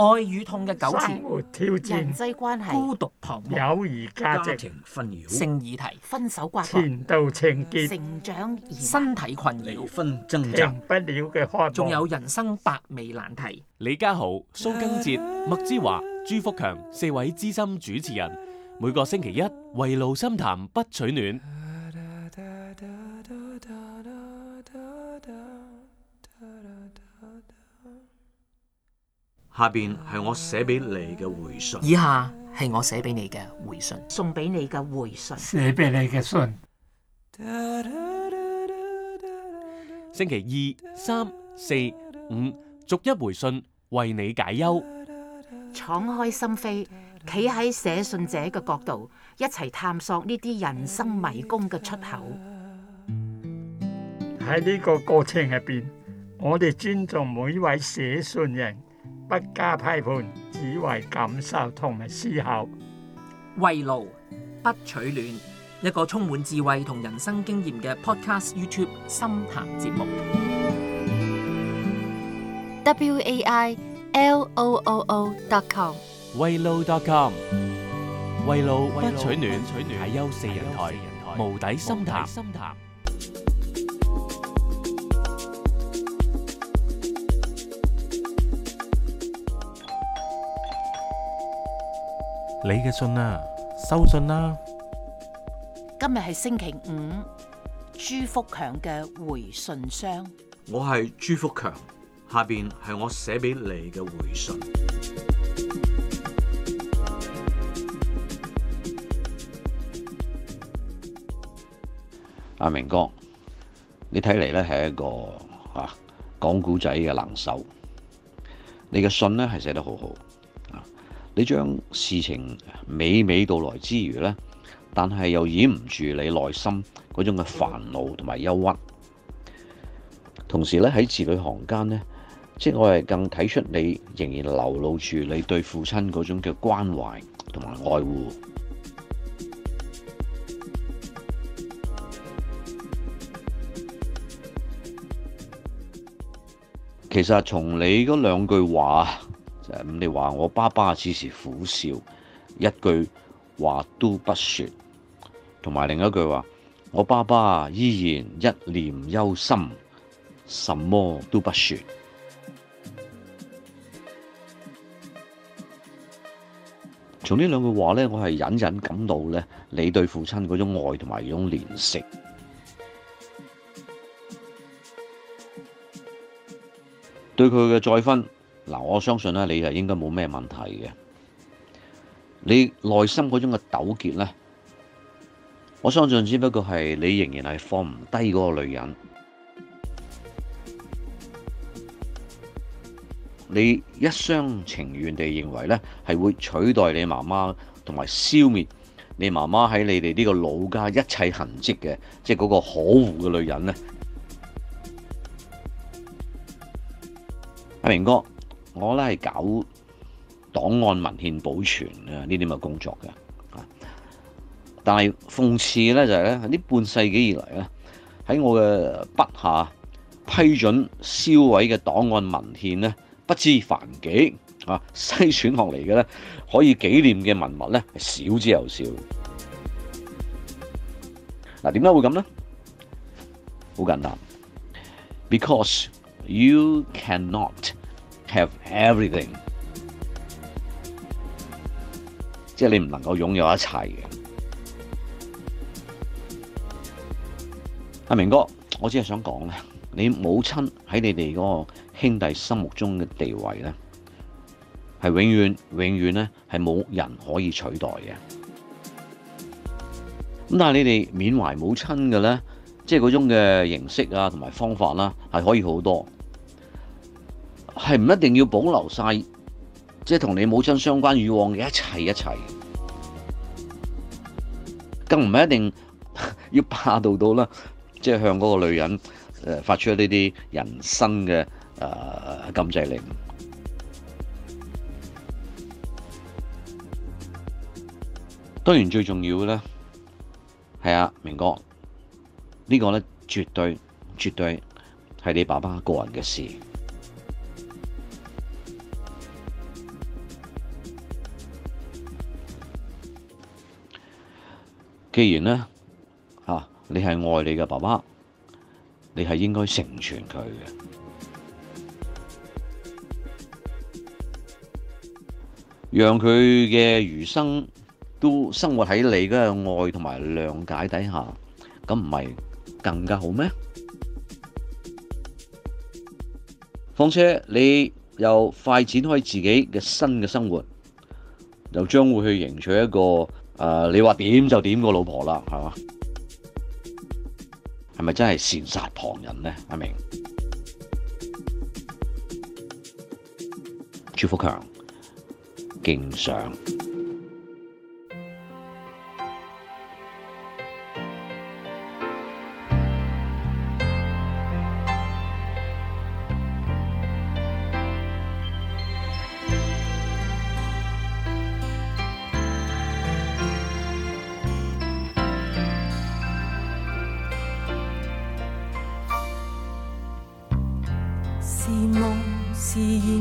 愛與痛嘅糾纏，挑戰，人際關係，孤獨彷徨，友誼價值，家庭紛擾，性議題，分手關頭，前度情結，成長，身體困擾，婚姻，長不了嘅開創，仲有人生百味難題。李家豪、蘇根哲、麥之華、朱福強四位資深主持人，每個星期一圍爐深談，不取暖。下邊係我寫俾你嘅回信。以下係我寫俾你嘅回信，送俾你嘅回信，寫俾你嘅信。星期二、三、四、五，逐一回信，為你解憂，敞開心扉，企喺寫信者嘅角度，一齊探索呢啲人生迷宮嘅出口。喺呢個過程入邊，我哋尊重每一位寫信人。不加批判，只為感受同埋思考。慰勞不取暖，一個充滿智慧同人生經驗嘅 podcast YouTube 深談節目。w a i l o o o dot com。慰勞 dot com。慰勞不取暖，大優四人台無底深談。你嘅信啊，收信啦，啊！今日係星期五，朱福強嘅回信箱。我係朱福強，下邊係我寫俾你嘅回信。阿明哥，你睇嚟咧係一個啊講古仔嘅能手，你嘅信咧係寫得好好。你將事情娓娓道來之餘咧，但係又掩唔住你內心嗰種嘅煩惱同埋憂鬱。同時咧，喺字裏行間咧，即我係更睇出你仍然流露住你對父親嗰種嘅關懷同埋愛護。其實從你嗰兩句話，咁你話我爸爸只是苦笑，一句話都不說，同埋另一句話，我爸爸依然一念憂心，什麼都不說。從呢兩句話咧，我係隱隱感到咧，你對父親嗰種愛同埋嗰種憐惜，對佢嘅再婚。嗱，我相信咧，你係應該冇咩問題嘅。你內心嗰種嘅糾結咧，我相信只不過係你仍然係放唔低嗰個女人。你一廂情願地認為咧，係會取代你媽媽同埋消滅你媽媽喺你哋呢個老家一切痕跡嘅，即係嗰個可惡嘅女人咧，阿明哥。我咧係搞檔案文獻保存啊，呢啲咁嘅工作嘅啊。但係諷刺咧就係、是、咧，喺半世紀以嚟咧，喺我嘅筆下批准銷毀嘅檔案文獻咧，不知凡幾啊，篩選落嚟嘅咧，可以紀念嘅文物咧，少之又少。嗱、啊，點解會咁咧？好講答 b e c a u s e you cannot。have everything，即係你唔能夠擁有一切嘅。阿明哥，我只係想講咧，你母親喺你哋嗰個兄弟心目中嘅地位咧，係永遠、永遠咧係冇人可以取代嘅。咁但係你哋緬懷母親嘅咧，即係嗰種嘅形式啊，同埋方法啦，係可以好多。係唔一定要保留晒，即係同你母親相關以往嘅一切一切，更唔係一定要霸道到啦，即、就、係、是、向嗰個女人誒、呃、發出呢啲人生嘅誒、呃、禁制令。當然最重要嘅咧，係啊，明哥，這個、呢個咧絕對絕對係你爸爸個人嘅事。既然呢吓你係愛你嘅爸爸，你係應該成全佢嘅，讓佢嘅餘生都生活喺你嘅愛同埋諒解底下，咁唔係更加好咩？況且你又快展開自己嘅新嘅生活，又將會去迎娶一個。誒，uh, 你話點就點個老婆啦，係嘛？係咪真係羨煞旁人呢？阿明，I mean，朱福強敬上。